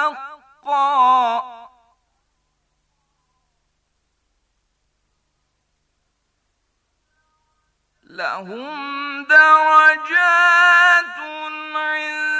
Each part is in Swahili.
حقا لهم درجات عند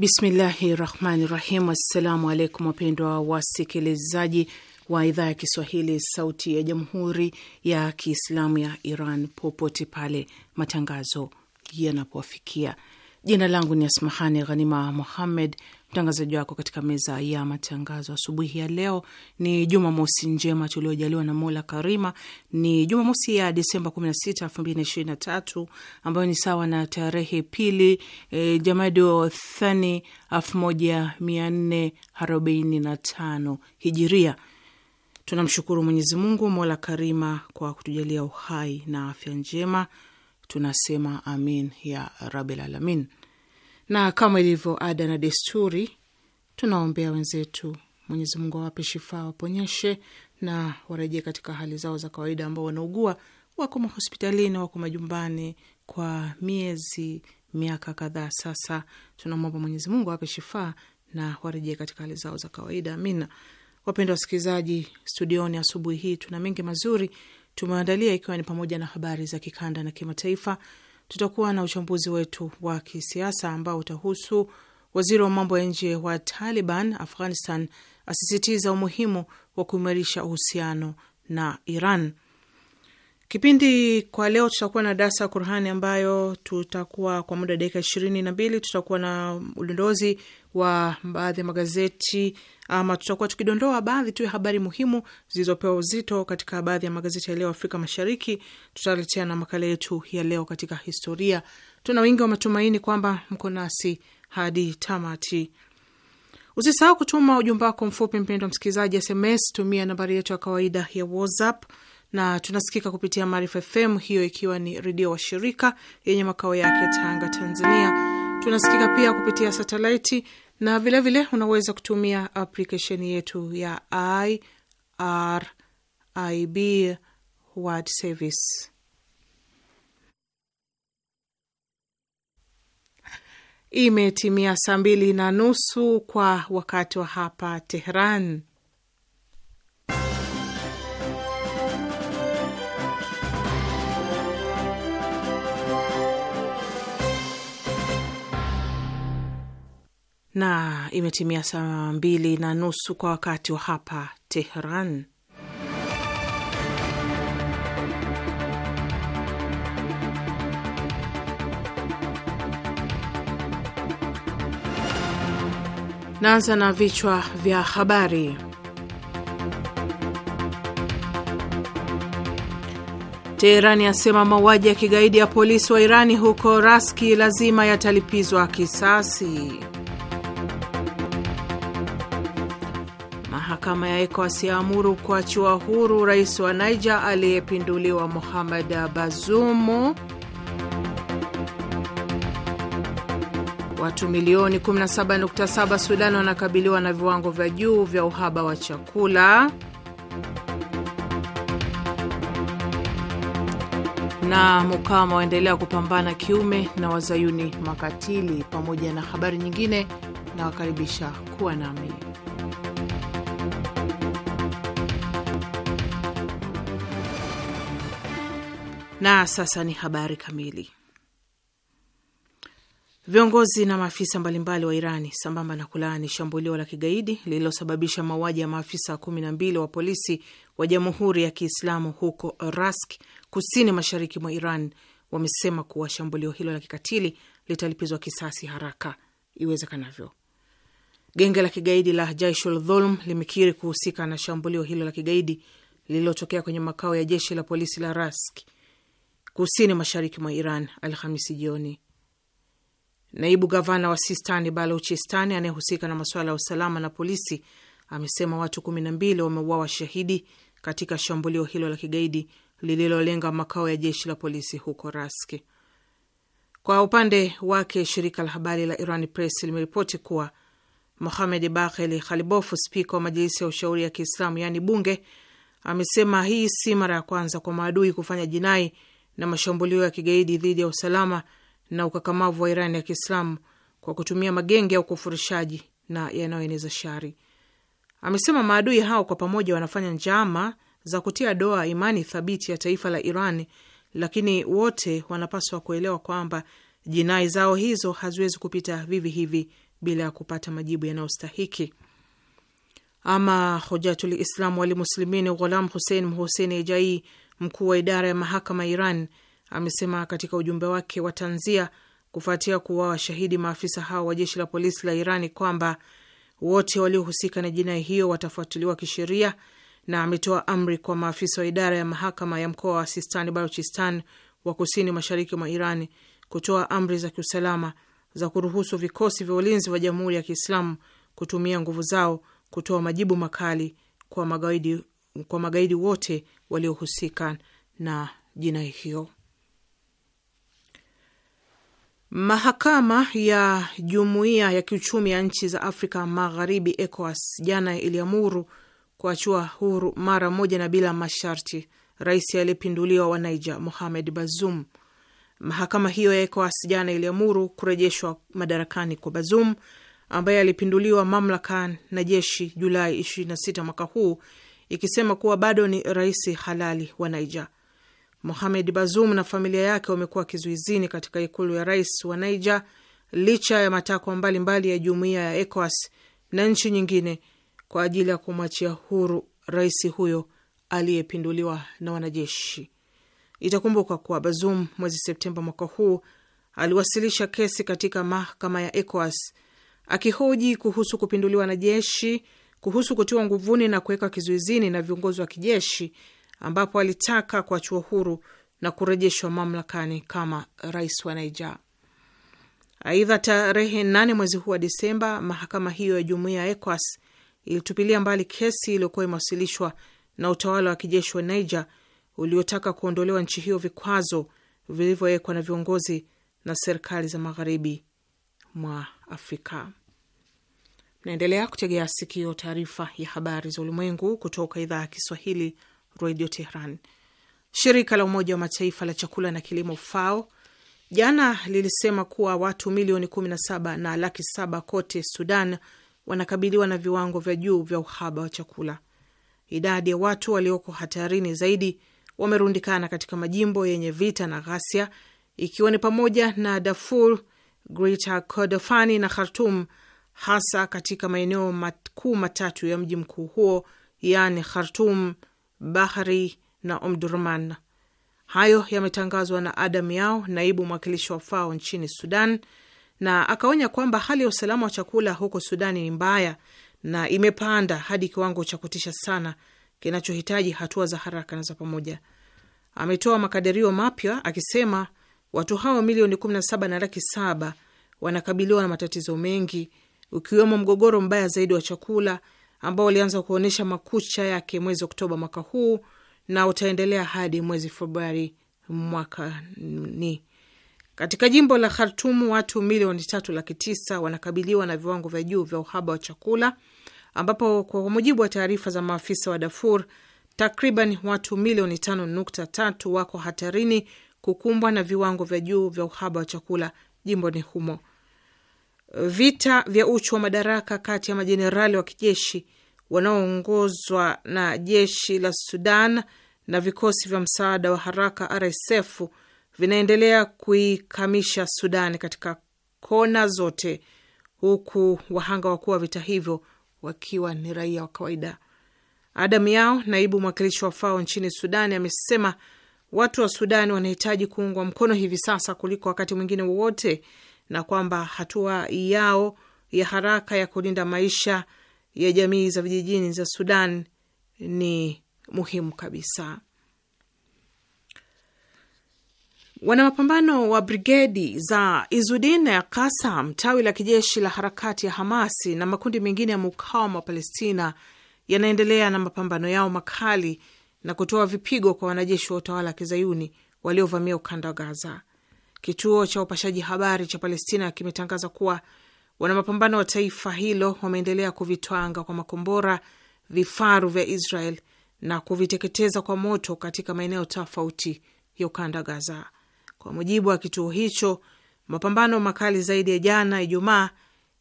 Bismillahi rahmani rahim. Assalamu alaikum wapendwa wasikilizaji wa idhaa ya Kiswahili sauti ya jamhuri ya Kiislamu ya Iran popote pale matangazo yanapofikia. Jina langu ni Asmahani Ghanima Muhammed Mtangazaji wako katika meza ya matangazo asubuhi ya leo ni Jumamosi njema tuliojaliwa na Mola Karima. Ni Jumamosi ya Disemba 16, 2023 ambayo ni sawa na tarehe pili e, Jamado Thani 1445 Hijiria. Tunamshukuru Mwenyezi Mungu Mola Karima kwa kutujalia uhai na afya njema, tunasema amin ya rabil alamin na kama ilivyo ada na desturi, tunaombea wenzetu, Mwenyezi Mungu awape shifaa, waponyeshe na warejee katika hali zao za kawaida, ambao wanaugua, wako mahospitalini, wako majumbani kwa miezi, miaka kadhaa sasa. Tunamwomba Mwenyezi Mungu awape shifaa na warejee katika hali zao za kawaida, amina. Wapendwa wasikilizaji, studioni asubuhi hii tuna mengi mazuri tumeandalia, ikiwa ni pamoja na habari za kikanda na kimataifa tutakuwa na uchambuzi wetu wa kisiasa ambao utahusu waziri wa mambo ya nje wa Taliban Afghanistan asisitiza umuhimu wa kuimarisha uhusiano na Iran. Kipindi kwa leo tutakuwa na darsa ya Qurani ambayo tutakuwa kwa muda dakika ishirini na mbili. Tutakuwa na udondozi wa baadhi ya magazeti ama tutakuwa tukidondoa baadhi tu ya habari muhimu zilizopewa uzito katika baadhi ya magazeti ya leo Afrika Mashariki. Tutaletea na makala yetu ya leo katika historia. Tuna wingi wa matumaini kwamba mko nasi hadi tamati. Usisahau kutuma ujumbe wako mfupi, mpendwa msikilizaji, SMS. Tumia nambari yetu ya kawaida ya WhatsApp na tunasikika kupitia Maarifa FM, hiyo ikiwa ni redio wa shirika yenye makao yake Tanga, Tanzania Tunasikika pia kupitia satelaiti na vilevile vile unaweza kutumia aplikesheni yetu ya IRIB World Service. Imetimia saa mbili na nusu kwa wakati wa hapa Tehran na imetimia saa mbili na nusu kwa wakati wa hapa Tehran. Naanza na vichwa vya habari. Teherani yasema mauaji ya kigaidi ya polisi wa Irani huko Raski lazima yatalipizwa kisasi. Mahakama ya ECOWAS yaamuru kuachiwa huru rais wa Niger aliyepinduliwa Mohamed Bazoum. Watu milioni 17.7 Sudan wanakabiliwa na viwango vya juu vya uhaba wa chakula. Na mukama waendelea kupambana kiume na wazayuni makatili, pamoja na habari nyingine, nawakaribisha kuwa nami Na sasa ni habari kamili. Viongozi na maafisa mbalimbali wa Irani sambamba na kulaani shambulio la kigaidi lililosababisha mauaji ya maafisa kumi na mbili wa polisi wa Jamhuri ya Kiislamu huko Rask, kusini mashariki mwa Iran, wamesema kuwa shambulio hilo la kikatili litalipizwa kisasi haraka iwezekanavyo. Genge la kigaidi la Jaishul Dhulm limekiri kuhusika na shambulio hilo la kigaidi lililotokea kwenye makao ya jeshi la polisi la Rask kusini mashariki mwa Iran Alhamisi jioni. Naibu gavana wa Sistani Baluchistani anayehusika na masuala ya usalama na polisi amesema watu kumi na mbili wameuawa shahidi katika shambulio hilo la kigaidi lililolenga makao ya jeshi la polisi huko Raski. Kwa upande wake, shirika la habari la Iran Press limeripoti kuwa Mohamed Baghel Khalibof, spika wa Majilisi ya Ushauri ya Kiislamu yaani bunge, amesema hii si mara ya kwanza kwa maadui kufanya jinai na mashambulio ya kigaidi dhidi ya usalama na ukakamavu wa Iran ya Kiislamu kwa kutumia magenge ya ukufurishaji na yanayoeneza shari. Amesema maadui hao kwa pamoja wanafanya njama za kutia doa imani thabiti ya taifa la Iran, lakini wote wanapaswa kuelewa kwamba jinai zao hizo haziwezi kupita vivi hivi bila ya kupata majibu yanayostahiki. Ama Hojatul Islam Walimuslimin Ghulam Husein Mhuseni Ejai Mkuu wa idara ya mahakama Iran amesema katika ujumbe wake wa tanzia kufuatia kuwa washahidi maafisa hao wa jeshi la polisi la Irani kwamba wote waliohusika na jinai hiyo watafuatiliwa kisheria, na ametoa amri kwa maafisa wa idara ya mahakama ya mkoa wa Sistani Baluchistan wa kusini mashariki mwa Irani kutoa amri za kiusalama za kuruhusu vikosi vya ulinzi wa Jamhuri ya Kiislamu kutumia nguvu zao kutoa majibu makali kwa magaidi kwa magaidi wote waliohusika na jinai hiyo. Mahakama ya Jumuiya ya Kiuchumi ya Nchi za Afrika Magharibi, ECOWAS, jana iliamuru kuachua huru mara moja na bila masharti rais aliyepinduliwa wa Niger, Mohamed Bazoum. Mahakama hiyo ya ECOWAS jana iliamuru kurejeshwa madarakani kwa Bazoum ambaye alipinduliwa mamlaka na jeshi Julai 26 mwaka huu ikisema kuwa bado ni rais halali wa Niger. Mohamed Bazoum na familia yake wamekuwa kizuizini katika ikulu ya rais wa Niger licha ya matakwa mbalimbali ya jumuiya ya ECOWAS na nchi nyingine kwa ajili ya kumwachia huru rais huyo aliyepinduliwa na wanajeshi. Itakumbuka kuwa Bazoum mwezi Septemba mwaka huu aliwasilisha kesi katika mahakama ya ECOWAS akihoji kuhusu kupinduliwa na jeshi kuhusu kutiwa nguvuni na kuwekwa kizuizini na viongozi wa kijeshi, ambapo alitaka kuachiwa huru na kurejeshwa mamlakani kama rais wa Naija. Aidha, tarehe nane mwezi huu wa Disemba, mahakama hiyo ya jumuiya ya ECOWAS ilitupilia mbali kesi iliyokuwa imewasilishwa na utawala wa kijeshi wa Niger uliotaka kuondolewa nchi hiyo vikwazo vilivyowekwa na viongozi na serikali za magharibi mwa Afrika. Naendelea kutegea sikio taarifa ya habari za ulimwengu kutoka idhaa ya Kiswahili, Radio Tehran. Shirika la Umoja wa Mataifa la chakula na kilimo FAO jana lilisema kuwa watu milioni 17 na laki saba kote Sudan wanakabiliwa na viwango vya juu vya uhaba wa chakula. Idadi ya watu walioko hatarini zaidi wamerundikana katika majimbo yenye vita na ghasia, ikiwa ni pamoja na Darfur, Greater Kordofani na Khartum hasa katika maeneo makuu matatu ya mji mkuu huo, yaani Khartum, Bahri na Omdurman. Hayo yametangazwa na Adam Yao, naibu mwakilishi wa FAO nchini Sudan, na akaonya kwamba hali ya usalama wa chakula huko Sudani ni mbaya na imepanda hadi kiwango cha kutisha sana kinachohitaji hatua za haraka na za pamoja. Ametoa makadirio mapya akisema watu hao milioni 17 na laki saba wanakabiliwa na matatizo mengi ukiwemo mgogoro mbaya zaidi wa chakula ambao ulianza kuonyesha makucha yake mwezi Oktoba mwaka huu na utaendelea hadi mwezi Februari mwakani. Katika jimbo la khartum watu milioni tatu laki tisa wanakabiliwa na viwango vya juu vya uhaba wa chakula, ambapo kwa mujibu wa taarifa za maafisa wa Darfur takriban watu milioni tano nukta tatu wako hatarini kukumbwa na viwango vya juu vya uhaba wa chakula jimboni humo. Vita vya uchu wa madaraka kati ya majenerali wa kijeshi wanaoongozwa na jeshi la Sudan na vikosi vya msaada wa haraka RSF vinaendelea kuikamisha Sudan katika kona zote, huku wahanga wakuu wa vita hivyo wakiwa ni raia wa kawaida. Adam Yao, naibu mwakilishi wa FAO nchini Sudani, amesema watu wa Sudani wanahitaji kuungwa mkono hivi sasa kuliko wakati mwingine wowote na kwamba hatua yao ya haraka ya kulinda maisha ya jamii za vijijini za Sudan ni muhimu kabisa. Wanamapambano wa brigedi za Izudin ya Kasam, tawi la kijeshi la harakati ya Hamasi na makundi mengine ya mukawama wa Palestina yanaendelea na mapambano yao makali na kutoa vipigo kwa wanajeshi wa utawala wa kizayuni waliovamia ukanda wa Gaza. Kituo cha upashaji habari cha Palestina kimetangaza kuwa wanamapambano wa taifa hilo wameendelea kuvitwanga kwa makombora vifaru vya Israel na kuviteketeza kwa moto katika maeneo tofauti ya ukanda Gaza. Kwa mujibu wa kituo hicho, mapambano makali zaidi ya jana Ijumaa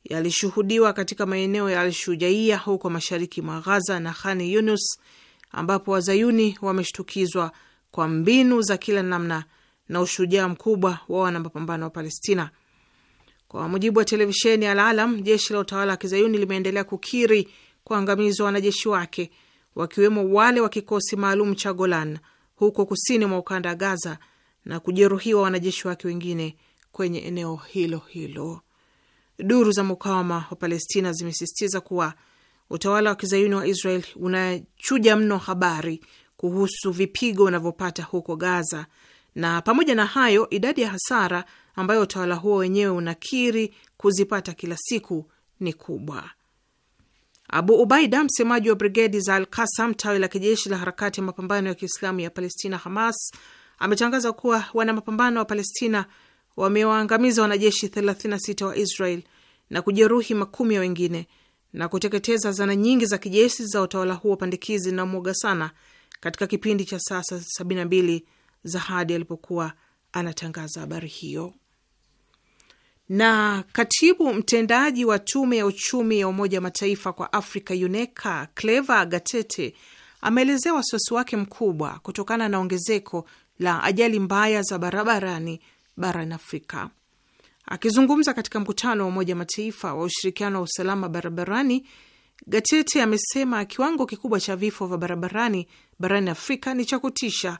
yalishuhudiwa katika maeneo ya Alshujaia huko mashariki mwa Ghaza na Khan Yunus, ambapo wazayuni wameshtukizwa kwa mbinu za kila namna na ushujaa mkubwa wa wanamapambano wa Palestina. Kwa mujibu wa televisheni ya Alalam, jeshi la utawala wa kizayuni limeendelea kukiri kuangamizwa wanajeshi wake wakiwemo wale wa kikosi maalum cha Golan huko kusini mwa ukanda wa Gaza na kujeruhiwa wanajeshi wake wengine kwenye eneo hilo hilo. Duru za mukawama wa Palestina zimesisitiza kuwa utawala wa kizayuni wa Israel unachuja mno habari kuhusu vipigo unavyopata huko Gaza na pamoja na hayo idadi ya hasara ambayo utawala huo wenyewe unakiri kuzipata kila siku ni kubwa. Abu Ubaida, msemaji wa brigedi za al kasam tawi la kijeshi la harakati ya mapambano ya Kiislamu ya Palestina, Hamas, ametangaza kuwa wana mapambano wa Palestina wamewaangamiza wanajeshi 36 wa Israel na kujeruhi makumi ya wengine na kuteketeza zana nyingi za kijeshi za utawala huo pandikizi na mwoga sana katika kipindi cha sasa za hadi alipokuwa anatangaza habari hiyo. Na katibu mtendaji wa tume ya uchumi ya Umoja wa Mataifa kwa Afrika, UNECA, Cleva Gatete ameelezea wasiwasi wake mkubwa kutokana na ongezeko la ajali mbaya za barabarani barani Afrika. Akizungumza katika mkutano wa Umoja Mataifa wa ushirikiano wa usalama barabarani, Gatete amesema kiwango kikubwa cha vifo vya barabarani barani Afrika ni cha kutisha,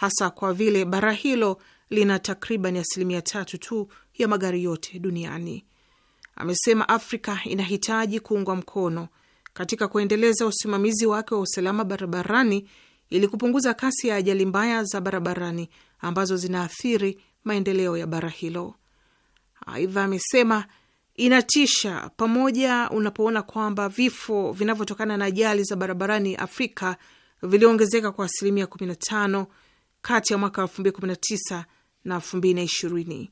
hasa kwa vile bara hilo lina takriban asilimia tatu tu ya magari yote duniani. Amesema Afrika inahitaji kuungwa mkono katika kuendeleza usimamizi wake wa usalama barabarani ili kupunguza kasi ya ajali mbaya za barabarani ambazo zinaathiri maendeleo ya bara hilo. Aidha amesema inatisha pamoja unapoona kwamba vifo vinavyotokana na ajali za barabarani Afrika viliongezeka kwa asilimia 15 kati ya mwaka 2019 na 2020.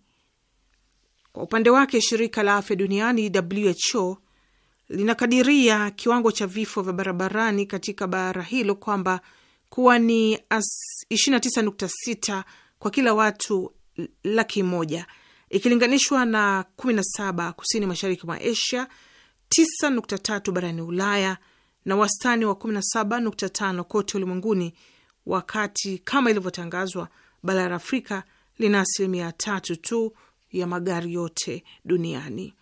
Kwa upande wake, shirika la afya duniani WHO linakadiria kiwango cha vifo vya barabarani katika bara hilo kwamba kuwa ni 29.6 kwa kila watu laki moja ikilinganishwa na 17 kusini mashariki mwa Asia, 9.3 barani Ulaya na wastani wa 17.5 kote ulimwenguni wakati kama ilivyotangazwa bara la Afrika lina asilimia tatu tu ya magari yote duniani.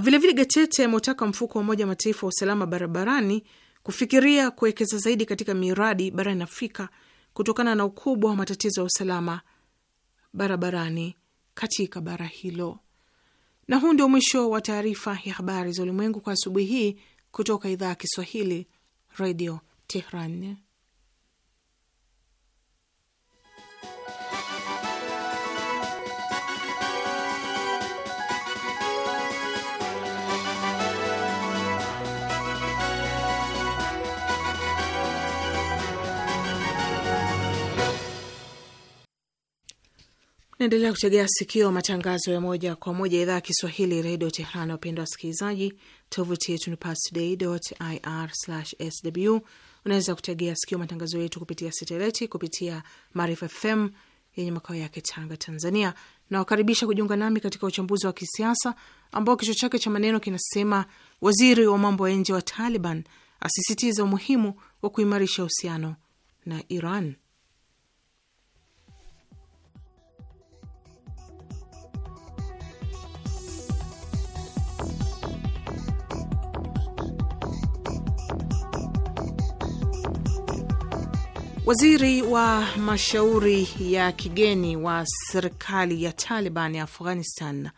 Vilevile Getete ameutaka mfuko wa Umoja wa Mataifa wa usalama barabarani kufikiria kuwekeza zaidi katika miradi barani Afrika kutokana na ukubwa wa matatizo ya usalama barabarani katika bara hilo. Na huu ndio mwisho wa taarifa ya habari za ulimwengu kwa asubuhi hii kutoka idhaa ya Kiswahili, Radio Tehran. Naendelea kutegea sikio matangazo ya moja kwa moja idhaa ya Kiswahili redio Tehrani. Wapendwa wasikilizaji, tovuti yetu ni parstoday.ir/sw. Unaweza kutegea sikio matangazo yetu kupitia sateliti kupitia Maarifa FM yenye makao yake Tanga, Tanzania. Nawakaribisha kujiunga nami katika uchambuzi wa kisiasa ambao kichwa chake cha maneno kinasema waziri wa mambo ya nje wa Taliban asisitiza umuhimu wa kuimarisha uhusiano na Iran. Waziri wa mashauri ya kigeni wa serikali ya Taliban ya Afghanistan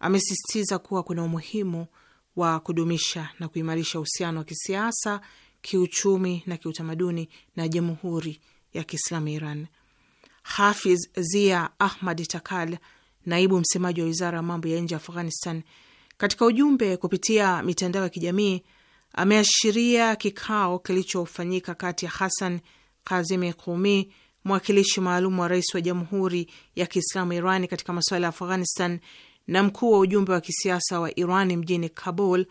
amesisitiza kuwa kuna umuhimu wa kudumisha na kuimarisha uhusiano wa kisiasa, kiuchumi na kiutamaduni na Jamhuri ya Kiislamu ya Iran. Hafiz Zia Ahmad Takal, naibu msemaji wa wizara ya mambo ya nje ya Afghanistan, katika ujumbe kupitia mitandao ya kijamii ameashiria kikao kilichofanyika kati ya Hassan Kazimi Kumi, mwakilishi maalum wa rais wa Jamhuri ya Kiislamu Irani katika masuala ya Afghanistan na mkuu wa ujumbe wa kisiasa wa Irani mjini Kabul,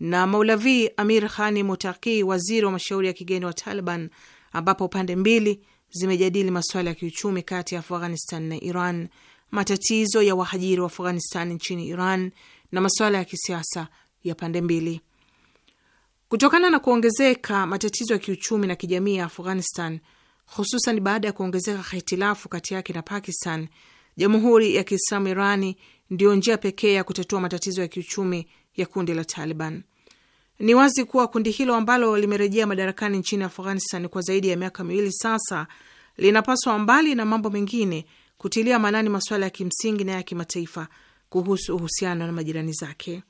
na Maulavi Amir Khani Mutaki, waziri wa mashauri ya kigeni wa Taliban, ambapo pande mbili zimejadili masuala ya kiuchumi kati ya Afghanistan na Iran, matatizo ya wahajiri wa Afghanistan nchini Iran na masuala ya kisiasa ya pande mbili. Kutokana na kuongezeka matatizo ya kiuchumi na kijamii ya Afghanistan, hususan baada ya kuongezeka hitilafu kati yake na Pakistan, Jamhuri ya Kiislamu Irani ndiyo njia pekee ya kutatua matatizo ya kiuchumi ya kundi la Taliban. Ni wazi kuwa kundi hilo ambalo limerejea madarakani nchini Afghanistan kwa zaidi ya miaka miwili sasa linapaswa, mbali na mambo mengine, kutilia maanani masuala ya kimsingi na ya kimataifa kuhusu uhusiano na majirani zake.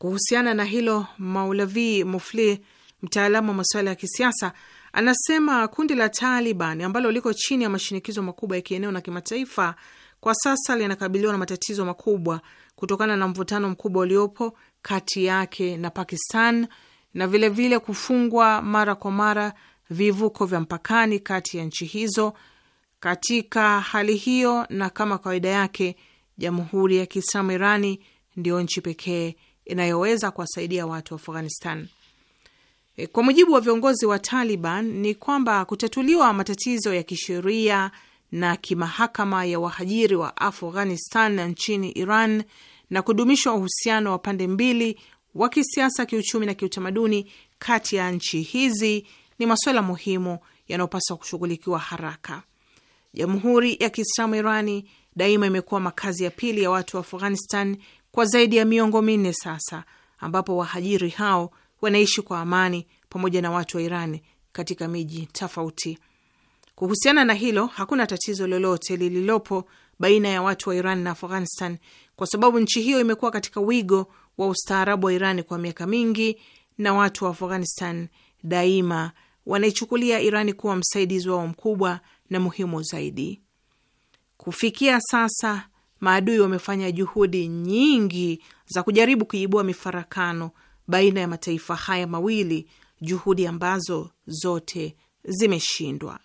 Kuhusiana na hilo, Maulavi Mufli, mtaalamu wa masuala ya kisiasa, anasema kundi la Taliban ambalo liko chini ya mashinikizo makubwa ya kieneo na kimataifa kwa sasa linakabiliwa na matatizo makubwa kutokana na mvutano mkubwa uliopo kati yake na Pakistan na vilevile vile kufungwa mara kwa mara vivuko vya mpakani kati ya nchi hizo. Katika hali hiyo, na kama kawaida yake, Jamhuri ya Kiislamu Irani ndiyo nchi pekee inayoweza kuwasaidia watu wa Afghanistan. E, kwa mujibu wa viongozi wa Taliban ni kwamba kutatuliwa matatizo ya kisheria na kimahakama ya wahajiri wa Afghanistan nchini Iran na kudumishwa uhusiano wa pande mbili wa kisiasa, kiuchumi na kiutamaduni kati ya nchi hizi ni masuala muhimu yanayopaswa kushughulikiwa haraka. Jamhuri ya Kiislamu Irani daima imekuwa makazi ya pili ya watu wa Afghanistan kwa zaidi ya miongo minne sasa, ambapo wahajiri hao wanaishi kwa amani pamoja na watu wa iran katika miji tofauti. Kuhusiana na hilo, hakuna tatizo lolote lililopo baina ya watu wa Iran na Afghanistan kwa sababu nchi hiyo imekuwa katika wigo wa ustaarabu wa iran kwa miaka mingi na watu wa Afghanistan daima wanaichukulia iran kuwa msaidizi wao mkubwa na muhimu zaidi. Kufikia sasa maadui wamefanya juhudi nyingi za kujaribu kuibua mifarakano baina ya mataifa haya mawili, juhudi ambazo zote zimeshindwa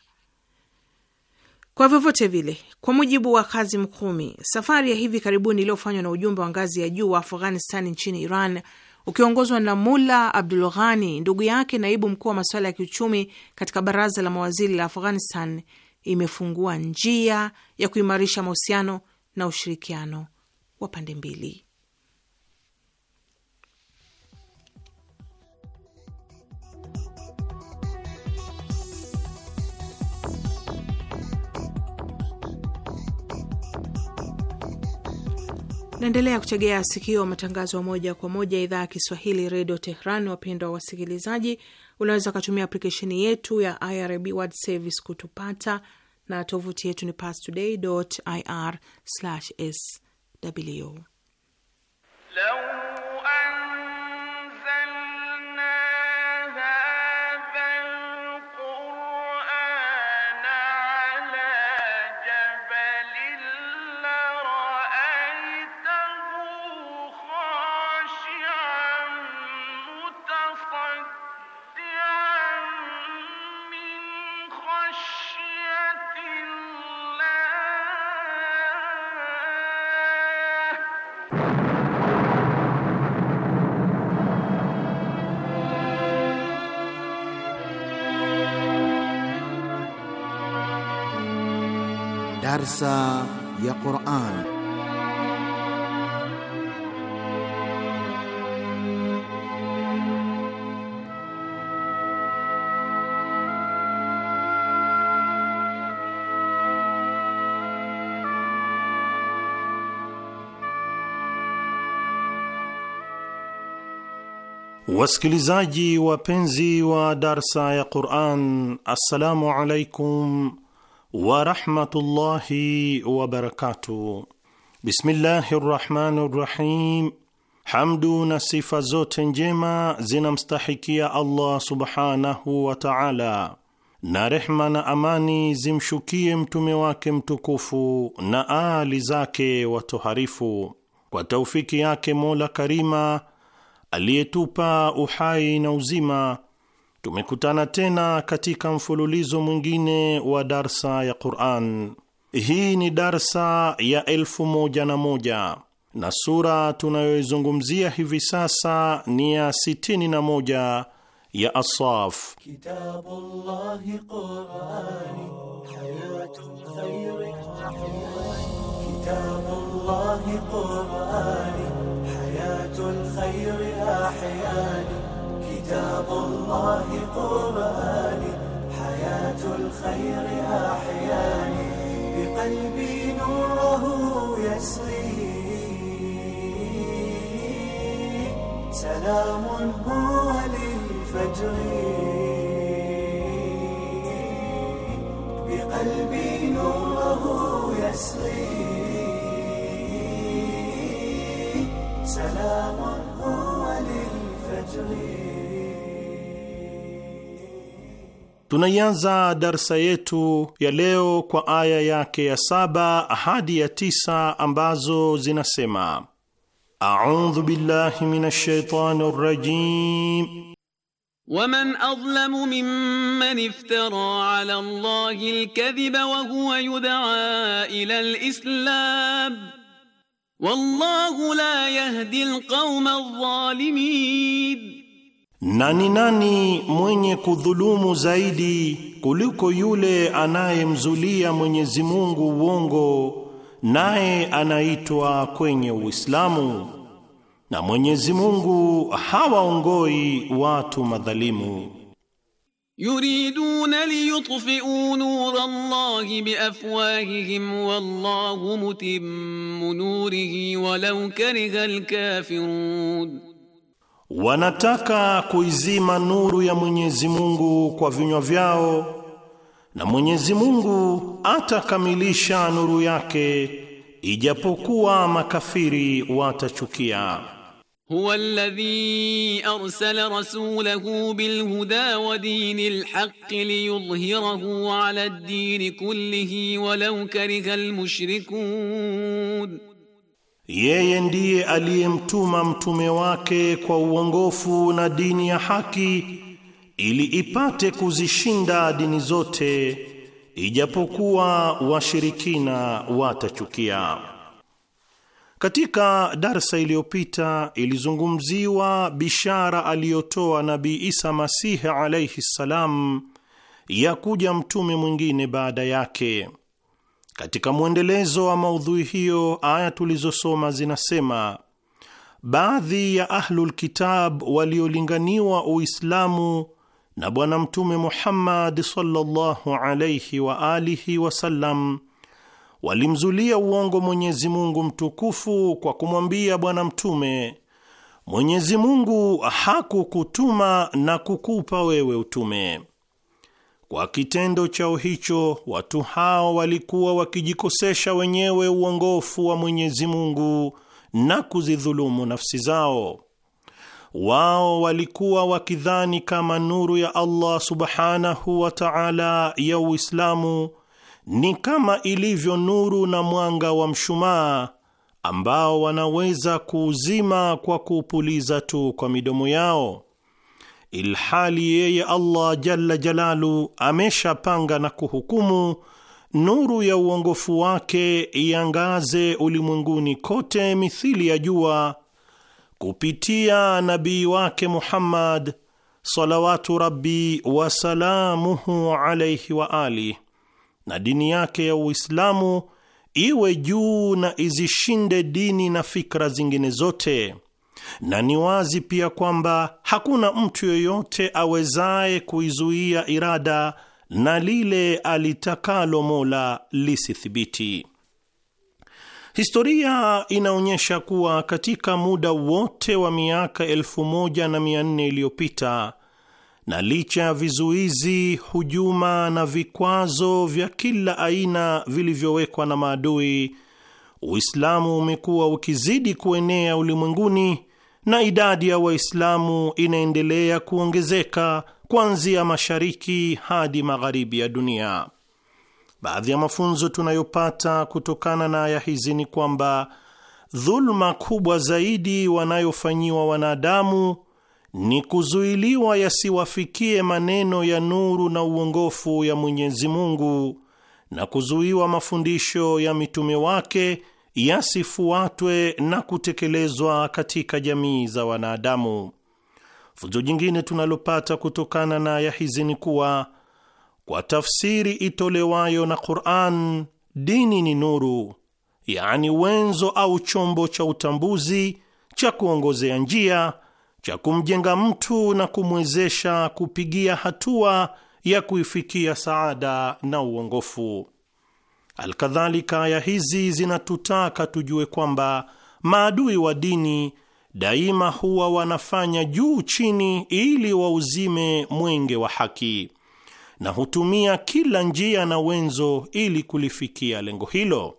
kwa vyovyote vile. Kwa mujibu wa Kazim Kumi, safari ya hivi karibuni iliyofanywa na ujumbe wa ngazi ya juu wa Afghanistan nchini Iran ukiongozwa na Mula Abdul Ghani, ndugu yake naibu mkuu wa masuala ya kiuchumi katika baraza la mawaziri la Afghanistan, imefungua njia ya kuimarisha mahusiano na ushirikiano wa pande mbili. Naendelea kuchegea sikio matangazo moja kwa moja idhaa ya Kiswahili redio Tehran. Wapendwa wasikilizaji, unaweza ukatumia aplikesheni yetu ya IRIB World Service kutupata na tovuti yetu ni pastoday.ir/sw. القرآن Wasikilizaji wapenzi wa darsa ya Quran, assalamu alaikum warahmatullahi wabarakatuh. Bismillahi rahmani rahim. Hamdu na sifa zote njema zinamstahikia Allah subhanahu wa taala, na rehma na amani zimshukie mtume wake mtukufu na aali zake watoharifu. Kwa taufiki yake Mola Karima aliyetupa uhai na uzima Tumekutana tena katika mfululizo mwingine wa darsa ya Quran. Hii ni darsa ya elfu moja na moja na sura tunayoizungumzia hivi sasa ni ya 61 ya Asaf. Kitabullahi Qurani, hayatun khayri ahyani كتاب الله قرآني حياة الخير أحياني بقلبي نوره يسري سلام هو للفجر بقلبي نوره يسري سلام هو للفجر Tunaianza darsa yetu ya leo kwa aya yake ya saba hadi ya tisa ambazo zinasema: audhu billahi minash shaitani rajim waman adlamu mimman iftara ala Allahi alkadhiba wa huwa yud'a ila alislam wallahu la yahdi alqawma adh-dhalimin Na ni nani mwenye kudhulumu zaidi kuliko yule anayemzulia Mwenyezi Mungu uongo naye anaitwa kwenye Uislamu? Na Mwenyezi Mungu hawaongoi watu madhalimu. Yuriduna liyutfi'u nura Allahi biafwahihim wallahu mutimmu nurihi walau kariha alkafirun Wanataka kuizima nuru ya Mwenyezi Mungu kwa vinywa vyao na Mwenyezi Mungu atakamilisha nuru yake ijapokuwa makafiri watachukia. Huwa alladhi arsala rasulahu bilhuda wa dinil haqqi liyudhhirahu ala ad-din kullihi walau karihal mushrikun yeye ndiye aliyemtuma mtume wake kwa uongofu na dini ya haki ili ipate kuzishinda dini zote ijapokuwa washirikina watachukia. Katika darsa iliyopita ilizungumziwa bishara aliyotoa Nabii Isa Masihi alaihi ssalam ya kuja mtume mwingine baada yake. Katika mwendelezo wa maudhui hiyo, aya tulizosoma zinasema baadhi ya ahlulkitab waliolinganiwa Uislamu na Bwana Mtume Muhammad sallallahu alayhi wa alihi wasallam walimzulia uongo Mwenyezi Mungu mtukufu kwa kumwambia Bwana Mtume, Mwenyezi Mungu hakukutuma na kukupa wewe utume kwa kitendo chao hicho, watu hao walikuwa wakijikosesha wenyewe uongofu wa Mwenyezi Mungu na kuzidhulumu nafsi zao. Wao walikuwa wakidhani kama nuru ya Allah subhanahu wa ta'ala ya Uislamu ni kama ilivyo nuru na mwanga wa mshumaa ambao wanaweza kuuzima kwa kuupuliza tu kwa midomo yao ilhali yeye Allah jalla jalalu ameshapanga na kuhukumu nuru ya uongofu wake iangaze ulimwenguni kote mithili ya jua kupitia nabii wake Muhammad salawatu rabbi wasalamuhu alaihi wa ali, na dini yake ya Uislamu iwe juu na izishinde dini na fikra zingine zote na ni wazi pia kwamba hakuna mtu yoyote awezaye kuizuia irada na lile alitakalo Mola lisithibiti. Historia inaonyesha kuwa katika muda wote wa miaka elfu moja na mia nne iliyopita na licha ya vizuizi, hujuma na vikwazo vya kila aina vilivyowekwa na maadui, Uislamu umekuwa ukizidi kuenea ulimwenguni na idadi ya Waislamu inaendelea kuongezeka kuanzia mashariki hadi magharibi ya dunia. Baadhi ya mafunzo tunayopata kutokana na aya hizi ni kwamba dhuluma kubwa zaidi wanayofanyiwa wanadamu ni kuzuiliwa yasiwafikie maneno ya nuru na uongofu ya Mwenyezi Mungu na kuzuiwa mafundisho ya mitume wake yasifuatwe na kutekelezwa katika jamii za wanadamu. Funzo jingine tunalopata kutokana na aya hizi ni kuwa kwa tafsiri itolewayo na Qur'an, dini ni nuru, yaani wenzo au chombo cha utambuzi cha kuongozea njia cha kumjenga mtu na kumwezesha kupigia hatua ya kuifikia saada na uongofu. Alkadhalika, aya hizi zinatutaka tujue kwamba maadui wa dini daima huwa wanafanya juu chini ili wauzime mwenge wa haki na hutumia kila njia na wenzo ili kulifikia lengo hilo.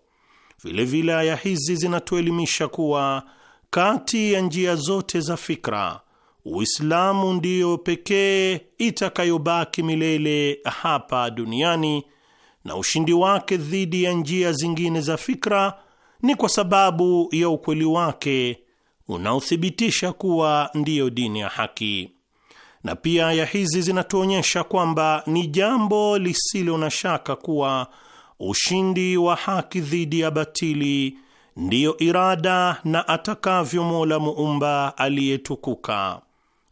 Vilevile, aya hizi zinatuelimisha kuwa kati ya njia zote za fikra Uislamu ndiyo pekee itakayobaki milele hapa duniani na ushindi wake dhidi ya njia zingine za fikra ni kwa sababu ya ukweli wake unaothibitisha kuwa ndiyo dini ya haki. Na pia aya hizi zinatuonyesha kwamba ni jambo lisilo na shaka kuwa ushindi wa haki dhidi ya batili ndiyo irada na atakavyo Mola muumba aliyetukuka,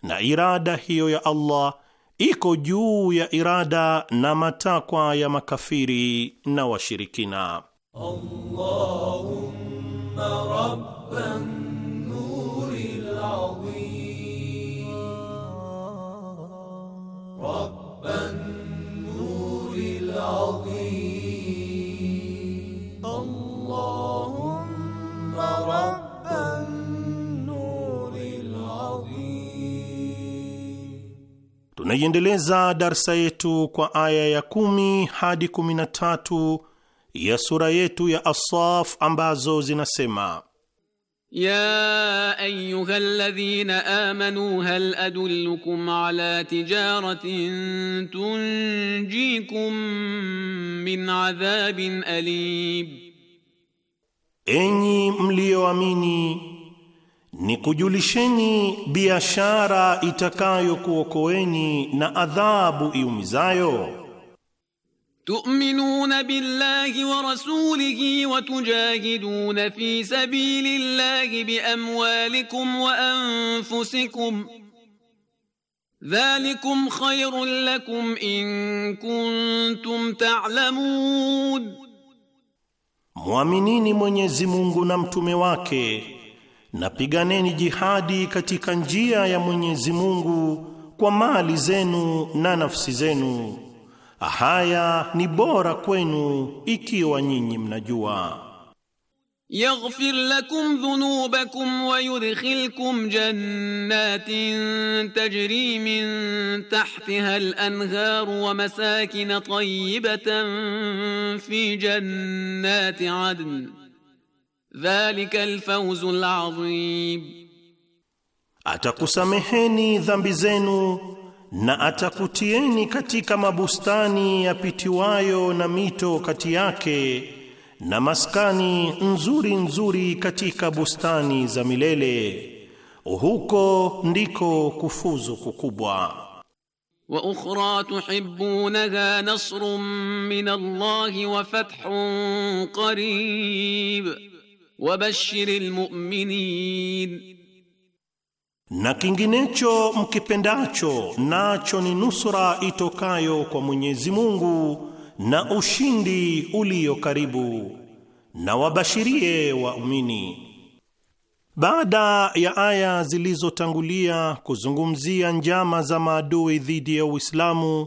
na irada hiyo ya Allah iko juu ya irada na matakwa ya makafiri na washirikina. Allahumma rabban nuril azim, rabban nuril azim, Allahumma rabban tunaiendeleza darsa yetu kwa aya ya kumi hadi kumi na tatu ya sura yetu ya Asaf ambazo zinasema: ya ayuha alladhina amanu hal adullukum ala tijaratin tunjikum min adhabin alim, enyi mliyoamini ni kujulisheni biashara itakayokuokoeni na adhabu iumizayo. Tu'minuna billahi wa rasulihi wa tujahiduna fi sabilillahi bi amwalikum wa anfusikum dhalikum khayrun lakum in kuntum ta'lamun, mwaminini Mwenyezi Mungu na mtume wake na piganeni jihadi katika njia ya Mwenyezi Mungu kwa mali zenu na nafsi zenu. Haya ni bora kwenu ikiwa nyinyi mnajua. يغفر لكم ذنوبكم ويدخلكم جنات تجري من تحتها الأنهار ومساكن طيبة في جنات عدن Dhalika alfawzu alazim, atakusameheni dhambi zenu na atakutieni katika mabustani yapitiwayo na mito kati yake na maskani nzuri nzuri katika bustani za milele. Huko ndiko kufuzu kukubwa. wa ukhra tuhibbunaha nasrun min Allah wa fathun qarib wabashiril mu'minin, na kinginecho mkipendacho nacho ni nusra itokayo kwa Mwenyezi Mungu na ushindi ulio karibu, na wabashirie waumini. Baada ya aya zilizotangulia kuzungumzia njama za maadui dhidi ya Uislamu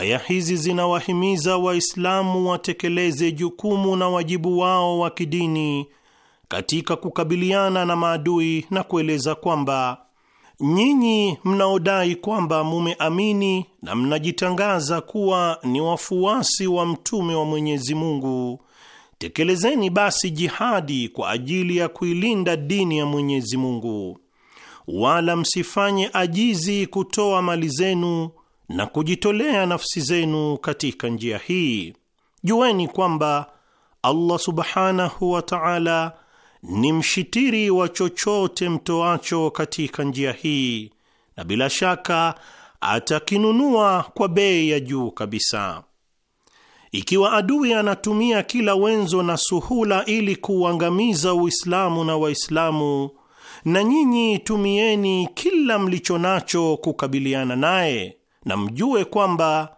Aya hizi zinawahimiza Waislamu watekeleze jukumu na wajibu wao wa kidini katika kukabiliana na maadui na kueleza kwamba nyinyi mnaodai kwamba mumeamini na mnajitangaza kuwa ni wafuasi wa mtume wa Mwenyezi Mungu, tekelezeni basi jihadi kwa ajili ya kuilinda dini ya Mwenyezi Mungu, wala msifanye ajizi kutoa mali zenu na kujitolea nafsi zenu katika njia hii, jueni kwamba Allah subhanahu wa ta'ala ni mshitiri wa chochote mtoacho katika njia hii, na bila shaka atakinunua kwa bei ya juu kabisa. Ikiwa adui anatumia kila wenzo na suhula ili kuuangamiza Uislamu na Waislamu, na nyinyi tumieni kila mlicho nacho kukabiliana naye na mjue kwamba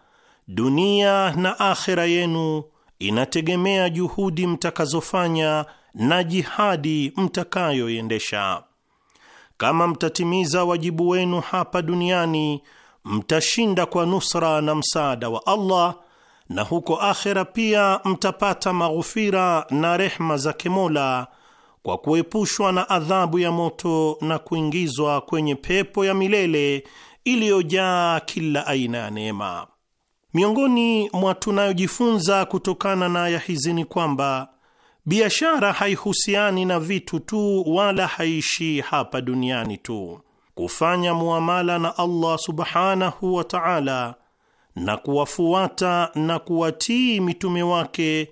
dunia na akhera yenu inategemea juhudi mtakazofanya na jihadi mtakayoiendesha. Kama mtatimiza wajibu wenu hapa duniani, mtashinda kwa nusra na msaada wa Allah, na huko akhera pia mtapata maghufira na rehma zake Mola kwa kuepushwa na adhabu ya moto na kuingizwa kwenye pepo ya milele iliyojaa kila aina ya neema. Miongoni mwa tunayojifunza kutokana na aya hizi ni kwamba biashara haihusiani na vitu tu, wala haishi hapa duniani tu. Kufanya muamala na Allah subhanahu wa ta'ala na kuwafuata na kuwatii mitume wake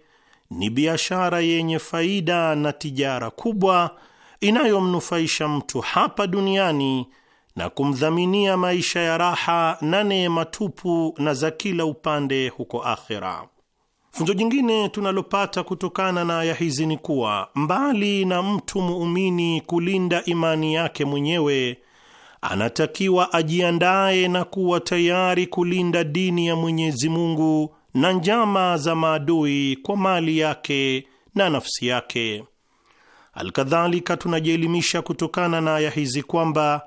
ni biashara yenye faida na tijara kubwa inayomnufaisha mtu hapa duniani na kumdhaminia maisha ya raha na neema tupu na za kila upande huko akhera. Funzo jingine tunalopata kutokana na aya hizi ni kuwa mbali na mtu muumini kulinda imani yake mwenyewe, anatakiwa ajiandaye na kuwa tayari kulinda dini ya Mwenyezi Mungu na njama za maadui kwa mali yake na nafsi yake. Alkadhalika, tunajielimisha kutokana na aya hizi kwamba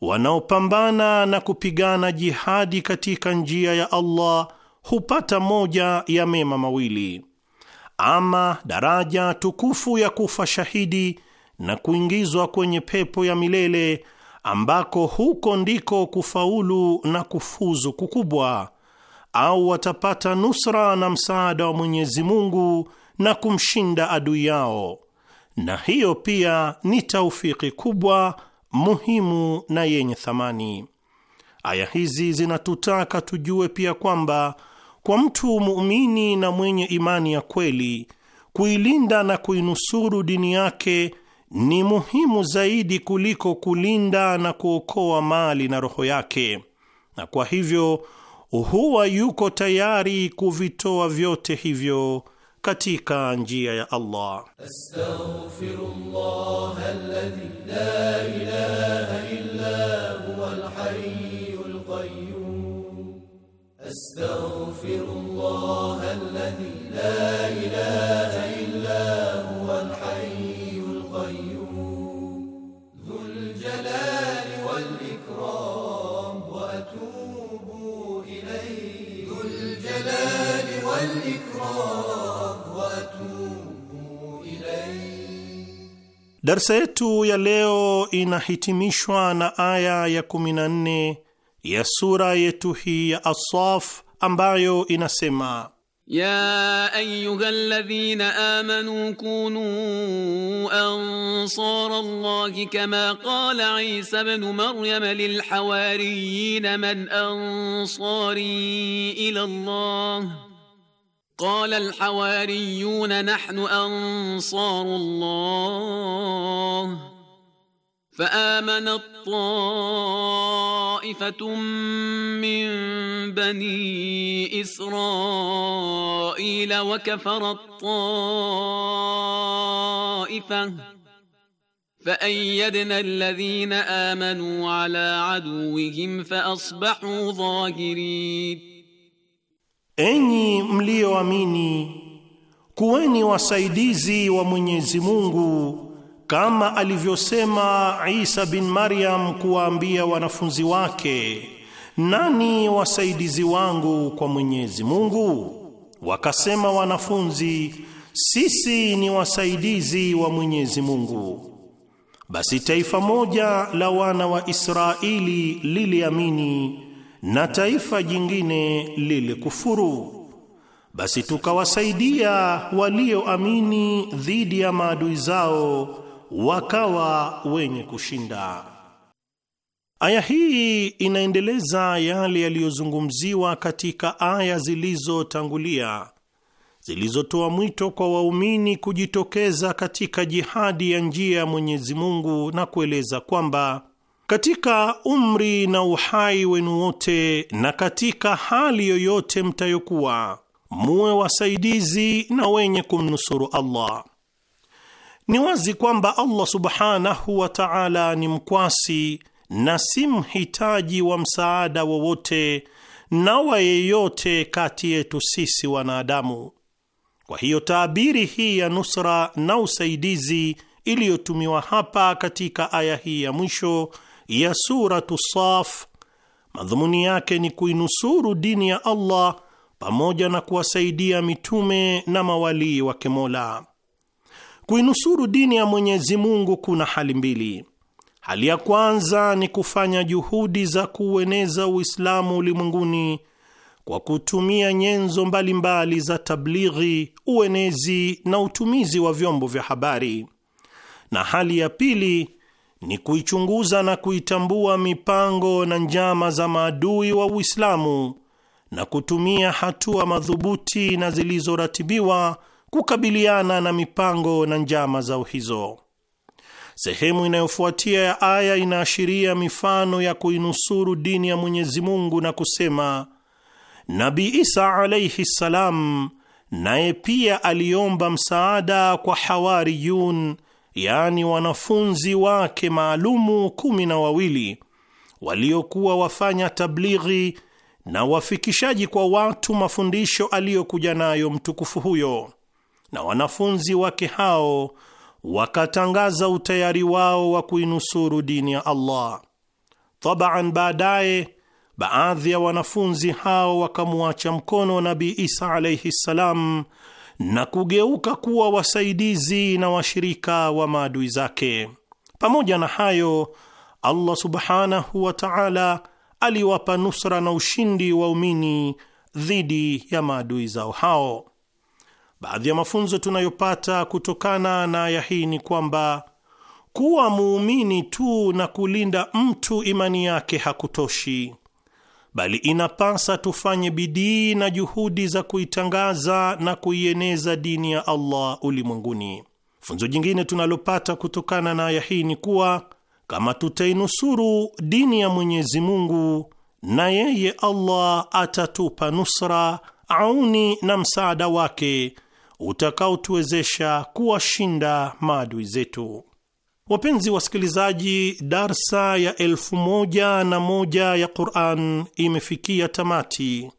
wanaopambana na kupigana jihadi katika njia ya Allah hupata moja ya mema mawili, ama daraja tukufu ya kufa shahidi na kuingizwa kwenye pepo ya milele ambako huko ndiko kufaulu na kufuzu kukubwa, au watapata nusra na msaada wa Mwenyezi Mungu na kumshinda adui yao, na hiyo pia ni taufiki kubwa muhimu na yenye thamani. Aya hizi zinatutaka tujue pia kwamba kwa mtu muumini na mwenye imani ya kweli, kuilinda na kuinusuru dini yake ni muhimu zaidi kuliko kulinda na kuokoa mali na roho yake, na kwa hivyo huwa yuko tayari kuvitoa vyote hivyo katika njia ya Allah. Darsa yetu ya leo inahitimishwa na aya ya 14 ya sura yetu hii ya Asaf ambayo inasema يا أيها الذين آمنوا كونوا أنصار الله كما قال عيسى بن مريم للحواريين من أنصاري إلى الله ؟ قال الحواريون نحن انصار الله فامنت طائفه من بني اسرائيل وكفرت طائفه فايدنا الذين امنوا على عدوهم فاصبحوا ظاهرين Enyi mlioamini, kuweni wasaidizi wa Mwenyezi Mungu kama alivyosema Isa bin Maryam kuwaambia wanafunzi wake, nani wasaidizi wangu kwa Mwenyezi Mungu? Wakasema wanafunzi, sisi ni wasaidizi wa Mwenyezi Mungu. Basi taifa moja la wana wa Israeli liliamini na taifa jingine lilikufuru, basi tukawasaidia walioamini dhidi ya maadui zao wakawa wenye kushinda. Aya hii inaendeleza yale yaliyozungumziwa katika aya zilizotangulia zilizotoa mwito kwa waumini kujitokeza katika jihadi ya njia ya Mwenyezi Mungu na kueleza kwamba katika umri na uhai wenu wote na katika hali yoyote mtayokuwa, muwe wasaidizi na wenye kumnusuru Allah. Ni wazi kwamba Allah subhanahu wa ta'ala ni mkwasi na si mhitaji wa msaada wowote na wa yeyote kati yetu sisi wanadamu. Kwa hiyo taabiri hii ya nusra na usaidizi iliyotumiwa hapa katika aya hii ya mwisho ya Suratu Saf madhumuni yake ni kuinusuru dini ya Allah pamoja na kuwasaidia mitume na mawalii wake Mola. Kuinusuru dini ya Mwenyezi Mungu kuna hali mbili. Hali ya kwanza ni kufanya juhudi za kuueneza Uislamu ulimwenguni kwa kutumia nyenzo mbalimbali mbali za tablighi, uenezi na utumizi wa vyombo vya habari, na hali ya pili ni kuichunguza na kuitambua mipango na njama za maadui wa Uislamu na kutumia hatua madhubuti na zilizoratibiwa kukabiliana na mipango na njama zao hizo. Sehemu inayofuatia ya aya inaashiria mifano ya kuinusuru dini ya Mwenyezi Mungu na kusema, Nabi Isa alaihi ssalam naye pia aliomba msaada kwa Hawariyun yaani wanafunzi wake maalumu kumi na wawili waliokuwa wafanya tablighi na wafikishaji kwa watu mafundisho aliyokuja nayo mtukufu huyo, na wanafunzi wake hao wakatangaza utayari wao wa kuinusuru dini ya Allah. Tabaan, baadaye baadhi ya wanafunzi hao wakamwacha mkono Nabii Isa alaihi ssalam na kugeuka kuwa wasaidizi na washirika wa maadui zake. Pamoja na hayo, Allah subhanahu wa ta'ala aliwapa nusra na ushindi waumini dhidi ya maadui zao hao. Baadhi ya mafunzo tunayopata kutokana na aya hii ni kwamba kuwa muumini tu na kulinda mtu imani yake hakutoshi bali inapasa tufanye bidii na juhudi za kuitangaza na kuieneza dini ya Allah ulimwenguni. Funzo jingine tunalopata kutokana na aya hii ni kuwa kama tutainusuru dini ya Mwenyezi Mungu, na yeye Allah atatupa nusra, auni na msaada wake utakaotuwezesha kuwashinda maadui zetu. Wapenzi wasikilizaji, darsa ya elfu moja na moja ya Quran imefikia tamati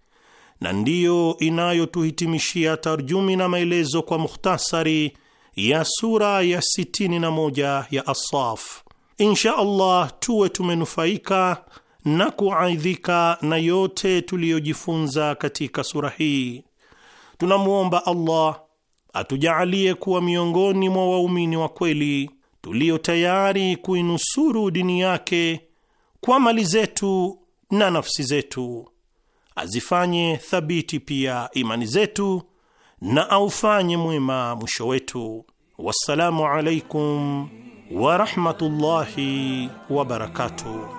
na ndiyo inayotuhitimishia tarjumi na maelezo kwa mukhtasari ya sura ya 61 ya Assaf. Insha Allah tuwe tumenufaika na kuaidhika na yote tuliyojifunza katika sura hii. Tunamwomba Allah atujaalie kuwa miongoni mwa waumini wa kweli tuliyo tayari kuinusuru dini yake kwa mali zetu na nafsi zetu, azifanye thabiti pia imani zetu na aufanye mwema mwisho wetu. Wassalamu alaikum warahmatullahi wabarakatuh.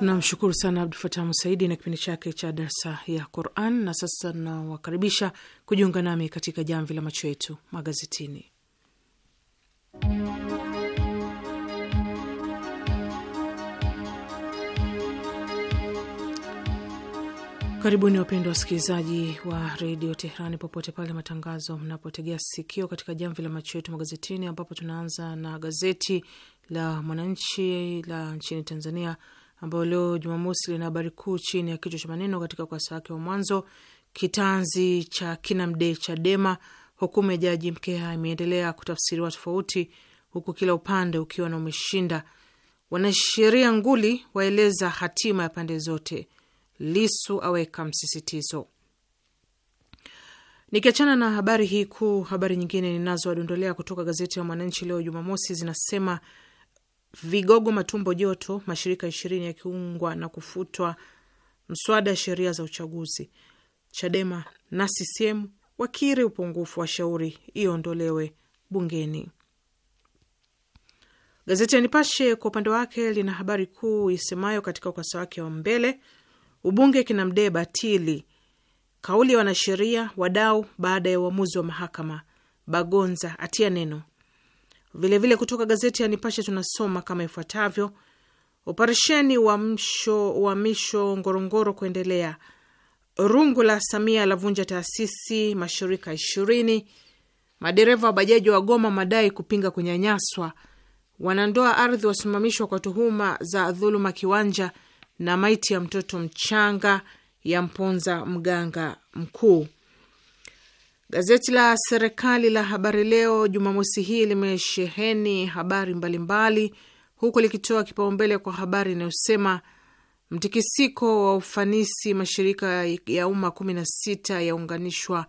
Namshukuru sana Abdu Fatah Musaidi na kipindi chake cha darsa ya Quran. Na sasa nawakaribisha kujiunga nami katika jamvi la macho yetu magazetini. Karibuni wapendwa wasikilizaji wa redio Teherani popote pale matangazo mnapotegea sikio, katika jamvi la macho yetu magazetini, ambapo tunaanza na gazeti la Mwananchi la nchini Tanzania, ambayo leo Jumamosi lina habari kuu chini ya kichwa cha maneno katika ukurasa wake wa mwanzo, kitanzi cha kinamde Chadema, hukumu ya jaji Mkeha imeendelea kutafsiriwa tofauti, huku kila upande ukiwa na umeshinda. Wanasheria nguli waeleza hatima ya pande zote Lisu aweka msisitizo. Nikiachana na habari hii kuu, habari nyingine ninazowadondolea kutoka gazeti la Mwananchi leo Jumamosi zinasema vigogo matumbo joto, mashirika ishirini yakiungwa na kufutwa mswada sheria za uchaguzi. Chadema na CCM wakiri upungufu wa shauri iondolewe bungeni. Gazeti ya Nipashe kwa upande wake lina habari kuu isemayo katika ukurasa wake wa mbele, Ubunge kinamdeba batili kauli ya wanasheria wadau baada ya uamuzi wa mahakama. Bagonza atia neno. Vilevile vile kutoka gazeti ya Nipashe tunasoma kama ifuatavyo: operesheni misho Ngorongoro kuendelea, rungu la Samia lavunja taasisi mashirika ishirini, madereva wa bajaji wagoma madai kupinga kunyanyaswa, wanandoa ardhi wasimamishwa kwa tuhuma za dhuluma kiwanja na maiti ya mtoto mchanga ya mponza mganga mkuu. Gazeti la serikali la Habari Leo Jumamosi hii limesheheni habari mbalimbali mbali, huku likitoa kipaumbele kwa habari inayosema mtikisiko wa ufanisi, mashirika ya umma kumi na sita yaunganishwa,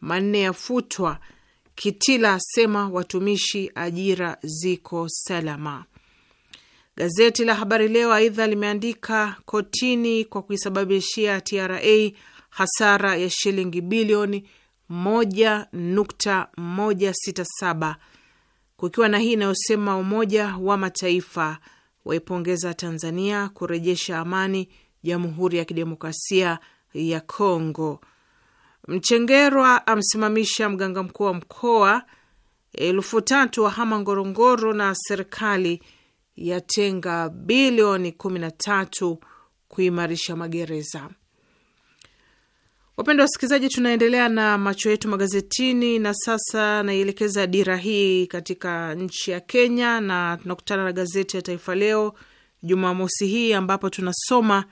manne yafutwa. Kitila asema watumishi ajira ziko salama. Gazeti la Habari Leo aidha limeandika kotini kwa kuisababishia TRA hasara ya shilingi bilioni 1.167 kukiwa na hii inayosema Umoja wa Mataifa waipongeza Tanzania kurejesha amani Jamhuri ya Kidemokrasia ya Kongo. Mchengerwa amsimamisha mganga mkuu wa mkoa. Elfu tatu wahama Ngorongoro na serikali yatenga bilioni 13 kuimarisha magereza. Wapendwa wasikilizaji, tunaendelea na macho yetu magazetini, na sasa naielekeza dira hii katika nchi ya Kenya, na tunakutana na gazeti ya Taifa Leo Jumamosi hii ambapo tunasoma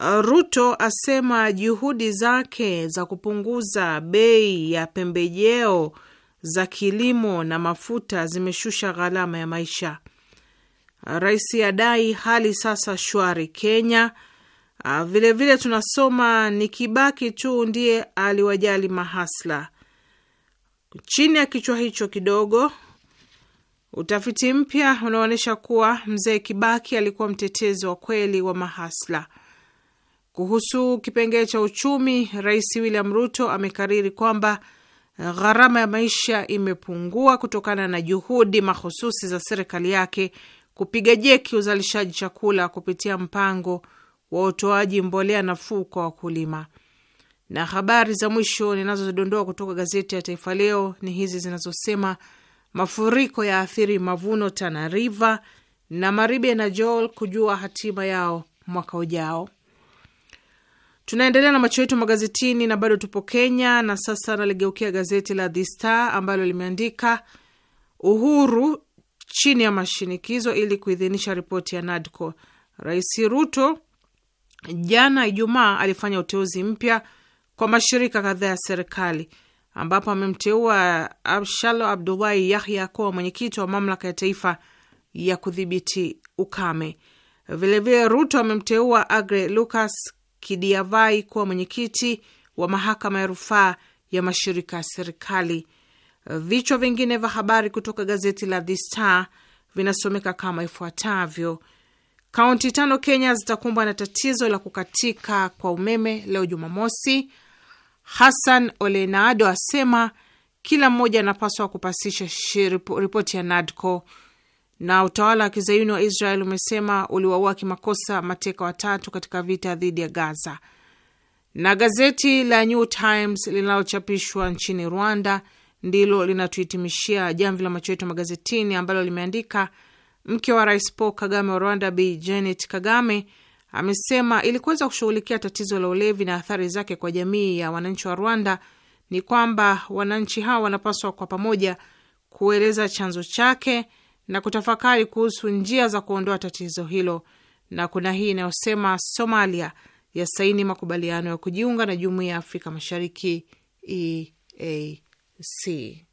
uh, Ruto asema juhudi zake za kupunguza bei ya pembejeo za kilimo na mafuta zimeshusha gharama ya maisha. Rais adai hali sasa shwari Kenya. Vilevile ah, vile tunasoma ni Kibaki tu ndiye aliwajali mahasla. Chini ya kichwa hicho kidogo, utafiti mpya unaonyesha kuwa mzee Kibaki alikuwa mtetezi wa kweli wa mahasla. Kuhusu kipengee cha uchumi, Rais William Ruto amekariri kwamba gharama ya maisha imepungua kutokana na juhudi mahususi za serikali yake kupiga jeki uzalishaji chakula kupitia mpango wa utoaji mbolea nafuu kwa wakulima. Na habari za mwisho ninazozidondoa kutoka gazeti ya Taifa Leo ni hizi zinazosema mafuriko ya athiri mavuno Tana River, na Maribe na Joel kujua hatima yao mwaka ujao. Tunaendelea na macho yetu magazetini na bado tupo Kenya, na sasa naligeukia gazeti la The Star ambalo limeandika Uhuru chini ya mashinikizo ili kuidhinisha ripoti ya NADCO. Rais Ruto jana Ijumaa alifanya uteuzi mpya kwa mashirika kadhaa ya serikali ambapo amemteua Abshalo Abdullahi Yahya kuwa mwenyekiti wa mamlaka ya taifa ya kudhibiti ukame. Vilevile vile Ruto amemteua Agre Lucas Kidiavai kuwa mwenyekiti wa mahakama ya rufaa ya mashirika ya serikali. Vichwa vingine vya habari kutoka gazeti la The Star vinasomeka kama ifuatavyo: kaunti tano Kenya zitakumbwa na tatizo la kukatika kwa umeme leo Jumamosi. Hassan Olenado asema kila mmoja anapaswa kupasisha ripoti ya NADCO. Na utawala wa kizayuni wa Israel umesema uliwaua kimakosa mateka watatu katika vita dhidi ya Gaza. Na gazeti la New Times linalochapishwa nchini Rwanda ndilo linatuhitimishia jamvi la macho yetu magazetini, ambalo limeandika mke wa rais Paul Kagame wa Rwanda, Bi Janet Kagame amesema ili kuweza kushughulikia tatizo la ulevi na athari zake kwa jamii ya wananchi wa Rwanda ni kwamba wananchi hao wanapaswa kwa pamoja kueleza chanzo chake na kutafakari kuhusu njia za kuondoa tatizo hilo. Na kuna hii inayosema Somalia yasaini makubaliano ya kujiunga na jumuiya ya Afrika Mashariki EA C.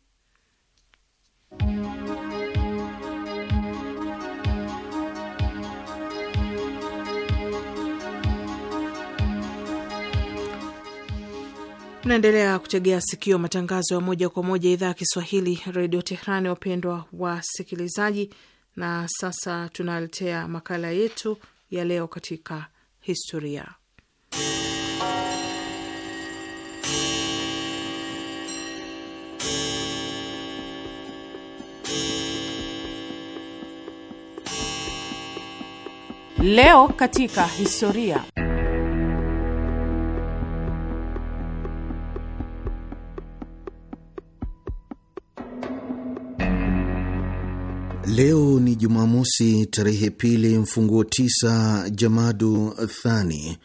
Naendelea kutegea sikio matangazo ya moja kwa moja idhaa ya Kiswahili redio Tehrani, wapendwa wasikilizaji. Na sasa tunaletea makala yetu ya leo katika historia Leo katika historia. Leo ni Jumamosi, tarehe pili mfunguo tisa Jamadu Thani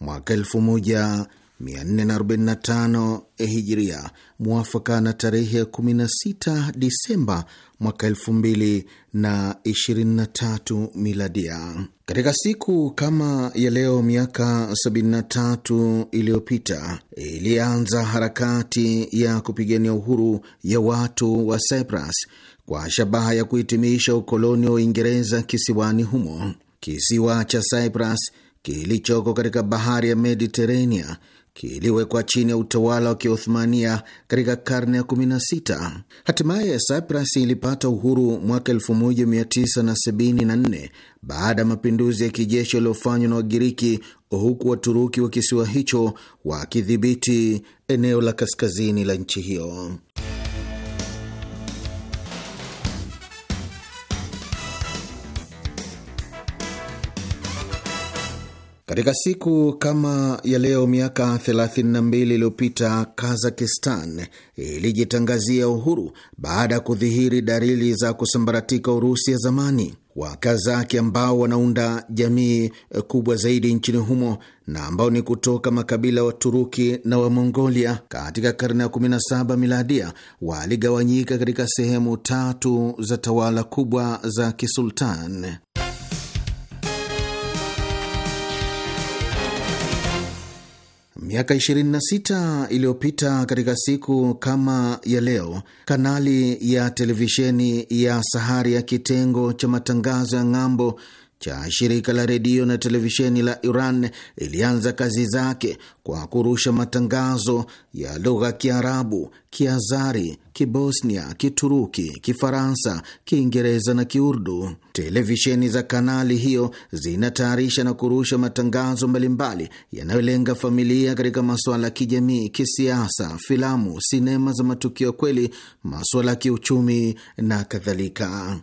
mwaka elfu moja 445 e hijiria mwafaka na tarehe 16 Disemba mwaka 2023 miladia. Katika siku kama ya leo miaka 73 iliyopita ilianza harakati ya kupigania uhuru ya watu wa Cyprus kwa shabaha ya kuhitimisha ukoloni wa Uingereza kisiwani humo. Kisiwa cha Cyprus kilichoko katika bahari ya Mediterania kiliwekwa chini ya utawala wa Kiothmania katika karne ya 16. Hatimaye Cyprus ilipata uhuru mwaka 1974 baada ya mapinduzi ya kijeshi yaliyofanywa na Wagiriki, huku Waturuki wa kisiwa hicho wakidhibiti eneo la kaskazini la nchi hiyo. Katika siku kama ya leo miaka 32 iliyopita Kazakistan ilijitangazia uhuru baada ya kudhihiri dalili za kusambaratika Urusi ya zamani. Wakazaki ambao wanaunda jamii kubwa zaidi nchini humo na ambao ni kutoka makabila wa Turuki na wa Mongolia katika karne ya 17 miladia, waligawanyika katika sehemu tatu za tawala kubwa za kisultan. Miaka 26 iliyopita katika siku kama ya leo, kanali ya televisheni ya Sahari ya kitengo cha matangazo ya ng'ambo cha shirika la redio na televisheni la Iran ilianza kazi zake kwa kurusha matangazo ya lugha ya Kiarabu, Kiazari, Kibosnia, Kituruki, Kifaransa, Kiingereza na Kiurdu. Televisheni za kanali hiyo zinatayarisha na kurusha matangazo mbalimbali yanayolenga familia katika masuala ya kijamii, kisiasa, filamu, sinema za matukio kweli, masuala ya kiuchumi na kadhalika.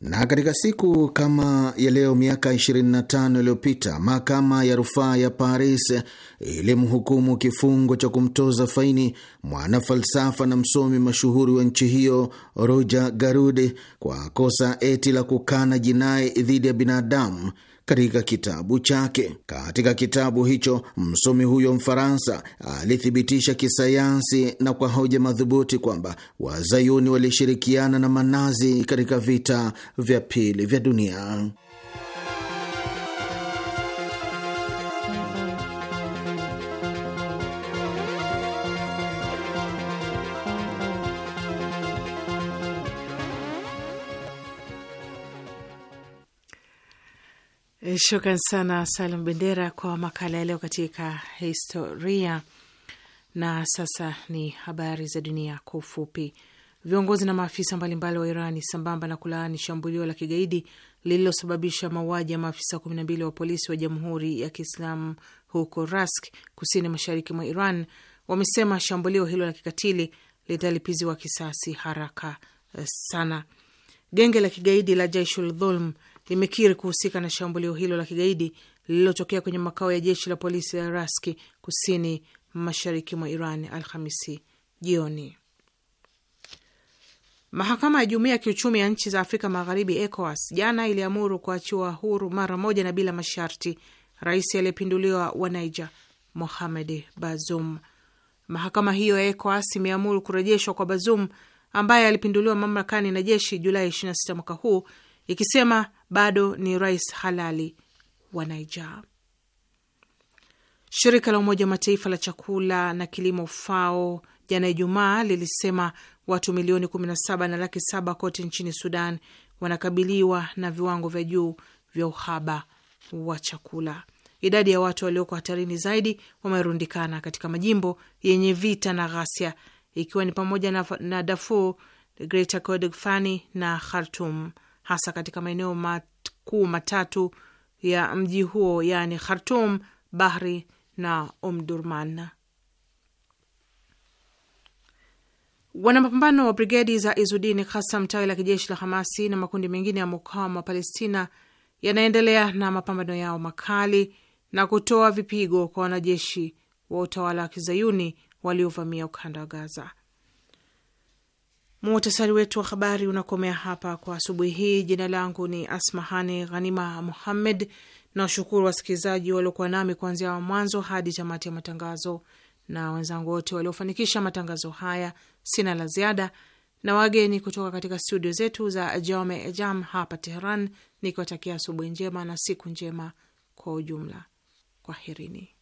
Na katika siku kama ya leo miaka 25 iliyopita mahakama ya rufaa ya Paris ilimhukumu kifungo cha kumtoza faini mwanafalsafa na msomi mashuhuri wa nchi hiyo Roger Garudi kwa kosa eti la kukana jinai dhidi ya binadamu katika kitabu chake. Katika kitabu hicho msomi huyo Mfaransa alithibitisha kisayansi na kwa hoja madhubuti kwamba wazayuni walishirikiana na manazi katika vita vya pili vya dunia. Shukran sana Salum Bendera kwa makala ya leo katika historia. Na sasa ni habari za dunia kwa ufupi. Viongozi na maafisa mbalimbali wa Irani sambamba na kulaani shambulio la kigaidi lililosababisha mauaji ya maafisa mbili wa polisi wa Jamhuri ya Kiislamu huko Rask, kusini mashariki mwa Iran, wamesema shambulio hilo la kikatili litalipiziwa kisasi haraka eh, sana. Genge la kigaidi la Jaishul Dhulm limekiri kuhusika na shambulio hilo la kigaidi lililotokea kwenye makao ya jeshi la polisi ya Raski kusini mashariki mwa Iran Alhamisi jioni. Mahakama ya Jumuiya ya Kiuchumi ya Nchi za Afrika Magharibi, ECOWAS, jana iliamuru kuachiwa huru mara moja na bila masharti rais aliyepinduliwa wa Niger, Mohamed Bazoum. Mahakama hiyo ya ECOWAS imeamuru kurejeshwa kwa Bazoum ambaye alipinduliwa mamlakani na jeshi Julai 26 mwaka huu ikisema bado ni rais halali wa Niger. Shirika la Umoja wa Mataifa la chakula na kilimo FAO jana Ijumaa lilisema watu milioni 17 na laki saba kote nchini Sudan wanakabiliwa na viwango vya juu vya uhaba wa chakula. Idadi ya watu walioko hatarini zaidi wamerundikana katika majimbo yenye vita na ghasia, ikiwa ni pamoja na, na Darfur, Greater Kordofan na Khartoum hasa katika maeneo makuu matatu ya mji huo, yaani Khartum, Bahri na Omdurman. Wanamapambano wa brigedi za Izudini Kasam, tawi la kijeshi la Hamasi, na makundi mengine ya mukawama wa Palestina yanaendelea na mapambano yao makali na kutoa vipigo kwa wanajeshi wa utawala wa kizayuni waliovamia ukanda wa Gaza. Muhtasari wetu wa habari unakomea hapa kwa asubuhi hii. Jina langu ni Asmahani Ghanima Muhammed. Nawashukuru wasikilizaji waliokuwa nami kuanzia mwanzo hadi tamati ya matangazo na wenzangu wote waliofanikisha matangazo haya. Sina la ziada na wageni kutoka katika studio zetu za Jome Jam hapa Teheran, nikiwatakia asubuhi njema na siku njema kwa ujumla. Kwaherini.